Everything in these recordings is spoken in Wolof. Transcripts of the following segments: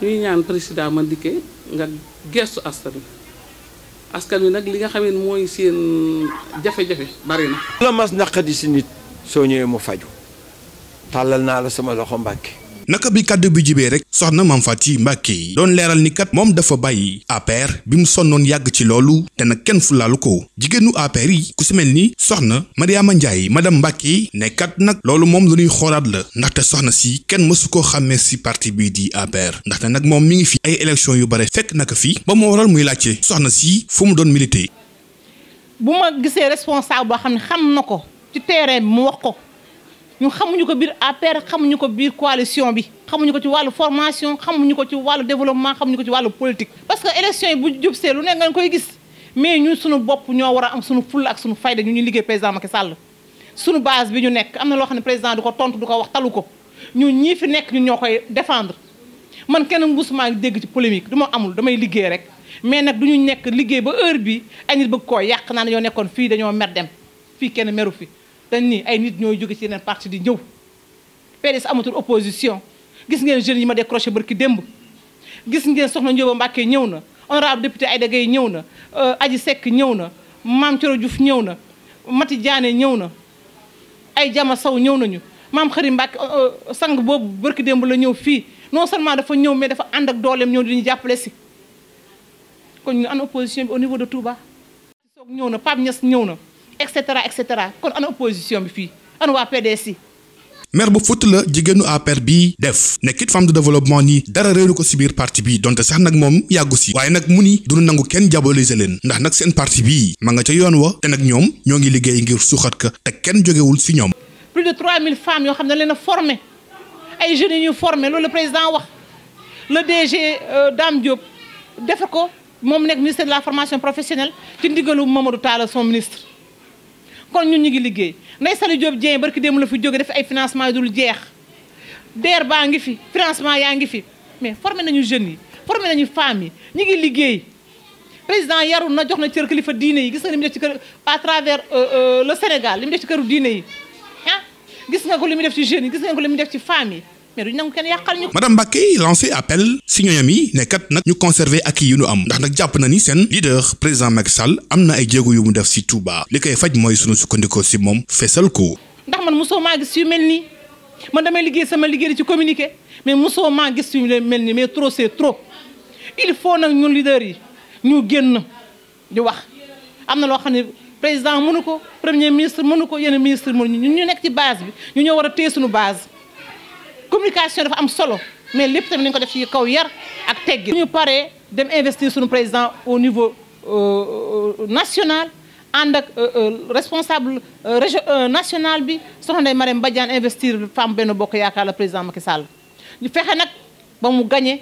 ñuy ñaan président Madické nga gestu askan wi askan wi nag li nga xam ne mooy seen jafe-jafe bari na. la mas naqadi si nit soo ñëwee mu faju tàllal naa la sama loxo Mbàkke naka bi kàddu bi jibee rek soxna Mame Faty doon leeral ni kat moom dafa bàyyi APR bi mu sonnoon yàgg ci loolu te nag kenn fulaalu ko jigéenu APR yi ku si mel ni soxna Mariama Ndiaye ma Mbacké ne kat nag loolu moom lu ñuy xoolaat la ndaxte soxna si kenn mësu koo xàmmee si parti bii di APR ndaxte nag moom mi ngi fi ay élection yu bare fekk naka fi ba mu waral muy laajte soxna si fu mu doon milité. bu ma gisee responsable boo xam ko ci terrain ñu xamuñu ko biir APR xamuñu ko biir coalition bi xamuñu ko ci wàllu formation xamuñu ko ci wàllu développement xamuñu ko ci wàllu politique parce que élection yi bu jub lu ne nga koy gis mais ñun suñu bopp ñoo war a am suñu fulla ak suñu fayda ñu ñuy liggéey président Macky Sall suñu base bi ñu nekk am na loo xam ne président du ko tontu du ko wax talu ko ñu ñii fi nekk ñun ñoo koy défendre man kenn mbusumaa dégg ci polémique du ma amul damay liggéey rek mais nag du ñu nekk liggéey ba heure bi ay nit bëgg koo yàq naa dañoo nekkoon fii dañoo mer dem fii kenn meru fi dañ nii ay nit ñoo jóge ci yeneen parti di ñëw PDS amatul opposition gis ngeen jeunes yi ma de décroché barki démb gis ngeen soxna Ndioba Mbacke ñëw na honorable député Aïda Gueye ñëw na euh, Aji sekk ñëw na Mame Thioro ñëw na Mati jaane ñëw na ay jama saw ñëw nañu maam Xarim Mbacke euh, euh, sang boobu barki démb la ñëw fii non seulement dafa ñëw mais dafa ànd ak dooleem ñëw diñu jàppale si kon ñu an opposition bi au niveau de Touba soog ñëw na Pape Niass ñëw na et cetera et cetera kon ana opposition bi fii ana waa PDS maire bu Fouta la jigéenu APR bi def nekkit femme de développement ni dara réeru ko si biir parti bi donte sax nag moom yàggu si waaye nag mu ni duñu nangu kenn diaboliser leen ndax nag seen parti bi ma nga ca yoon wa te nag ñoom ñoo ngi liggéey ngir suuxat ko te kenn jógewul si ñoom plus de 3000 femmes yoo xam ne leen a formé ay jeunes yi ñu formé loolu le président wax le DG euh, Dame Diop defe ko moom nekk la formation professionnelle ci ndigalu Mamadou Talla son ministre kon ñun ñu ngi liggéey Ndeye Saly Diop Dieng barki démb la fi jóge def ay financement yu dul jeex DER baa ngi fi financement yaa ngi fi mais formé nañu jeunes yi formé nañu femmes yi ñu ngi liggéey président yaru na jox na cër kilifa diine yi gis nga li mu def ci kër à travers euh, euh, le Sénégal li mu ci këru diine yi ah gis nga ko li mu def ci jeunes yi gis nga ko li mu def ci femmes yi mais duñ nangu kenn yàqal ñu. madame Mbacké lancé appel si ñooñam yi ne nag ñu conserver ak yi ñu am ndax nag jàpp na ni seen leader président Macky Sall am na ay jéego yu mu def si Touba li koy faj mooy sunu sukkandikoo si moom feesal ko. ndax man mosoo maa gis yu mel nii man damay liggéey sama liggéey ci communiqué mais mosoo maa gis yu mel mais trop c'est trop il faut nag ñun leader yi ñu génn di wax am na loo xam ne président mënu ko premier ministre mënu ko yenn ministre mënu ñu ñu nekk ci base bi ñu ñoo war a téye suñu base. communication dafa am solo mais lépp tamit nañu ko def ci kaw yar ak teggi ñu paree dem investir suñu président au niveau euh, euh, national ànd ak euh, responsable région national bi soxna Ndeye Marème Badiane investir femme benn bokk yaakaar la président Macky Sall ñu fexe nag ba mu gañee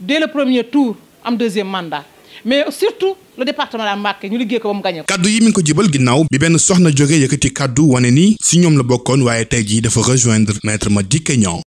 dès le premier tour am deuxième mandat mais surtout le département de Mbacké ñu liggéey ko ba mu gagné kaddu yi mi ngi ko jibal ginnaaw bi benn soxna jóge yëkkati kaddu wane ni si ñoom la bokkoon waaye tey jii dafa rejoindre ma Madické Niang